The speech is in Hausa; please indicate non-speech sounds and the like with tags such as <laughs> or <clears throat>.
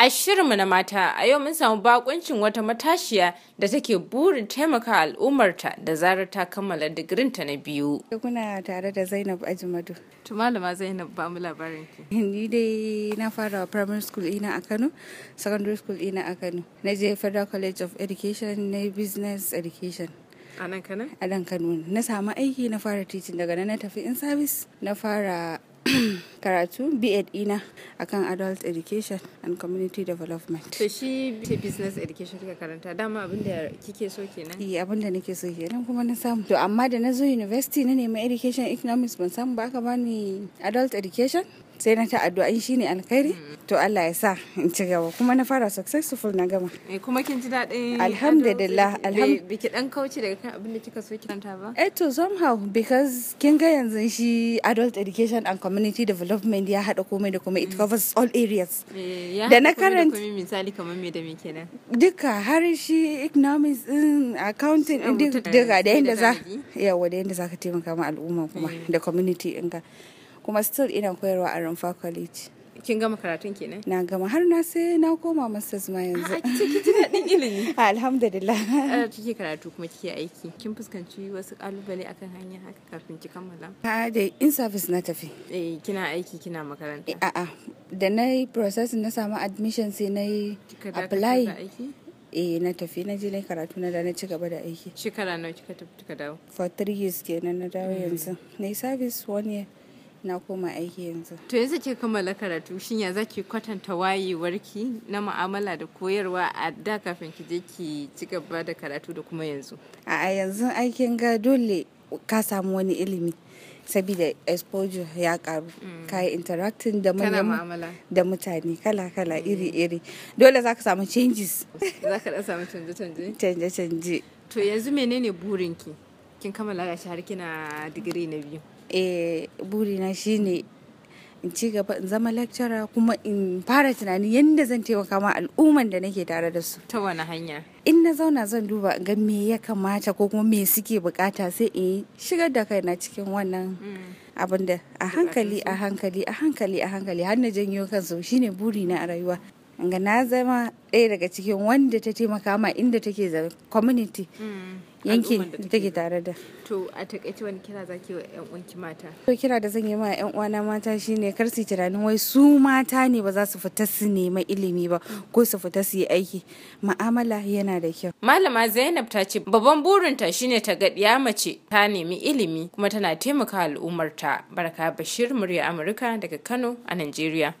A shirinmu na mata a yau mun samu bakuncin wata matashiya da take burin taimaka al'ummarta da zarar ta kammala digirinta na biyu. Kuna tare da Zainab Ajimadu. To malama Zainab ba mu labarin ki. Ni dai na fara primary school ina a Kano, secondary school ina a Kano. Na je Federal College of Education na business education. a nan kano a nan kano na samu aiki na fara teaching daga nan na tafi in service na fara <clears throat> karatu B.Ed a akan Adult Education and Community Development. To shi Business Education kika karanta dama abin da kike so kenan? Eh abin da nake so kenan kuma na samu. To amma da na zo university na nemi Education Economics ban samu ba aka bani Adult Education. sai na ta addu'a shi ne alkhairi to Allah ya sa in ci gaba kuma na fara successful na gama eh kuma kin ji daɗin alhamdulillah eh, alhamdulillah biki dan kauce daga kan abin da kika so ki ba eh to somehow because kin ga yanzu shi adult education and community development development ya haɗa komai da komai it mm. covers all areas da na current misali kamar me da me kenan duka har shi economics din accounting din duka da yanda za yawa da yanda za ka taimaka ma al'umma kuma eh. da community ɗinka kuma still ina koyarwa a Rumfa College kin gama karatun kenan na gama har na sai na koma masters ma yanzu a kike ji daɗin ilimi <laughs> alhamdulillah a <laughs> eh, kike karatu kuma kike aiki kin fuskanci wasu kalubale akan hanya haka kafin ki kammala ha da in service na tafi eh kina aiki kina makaranta eh, a'a da na yi processing na samu admission sai na yi apply eh na tafi na je na karatu na da na ci gaba da aiki shekara nawa kika tafi kika dawo for three years kenan na dawo mm. yanzu na yi service one year na koma aiki yanzu. To yanzu ke kammala karatu shinya za ki kwatanta wayewarki na mu'amala da koyarwa a da kafin ki je ki ci gaba da karatu da kuma yanzu? A yanzu aikin ga dole ka samu wani ilimi saboda exposure ya karu mm. ka yi interacting da manyan da mutane kala-kala iri-iri mm. dole za ka samu changes za ka samu canje-canje <laughs> canje-canje to yanzu menene burinki kin kammala shi har kina digiri na biyu eh burina shine in ci gaba in zama lecturer kuma in fara tunani yadda zan taimaka ma al'umman da nake tare da su ta wani hanya in na zauna zan duba ga me ya kamata ko kuma me suke bukata sai in shigar da kaina cikin wannan mm. abin da a hankali a hankali a hankali a hankali har na janyo kansu shine buri na rayuwa ga na zama ɗaya daga cikin wanda ta taimaka ma inda take zaune community hmm. yanki da take tare da to a takaice wani kira za ki wa yan uwanki mata to kira da zan yi ma yan uwana mata shine kar su tunanin wai su mata ne ba za su fita su nemi ilimi ba ko su fita su yi aiki ma'amala yana da kyau malama Zainab ta ce babban burinta shine ta ga ɗiya mace ta nemi ilimi kuma tana taimaka al'ummarta barka bashir murya amurka daga kano a najeriya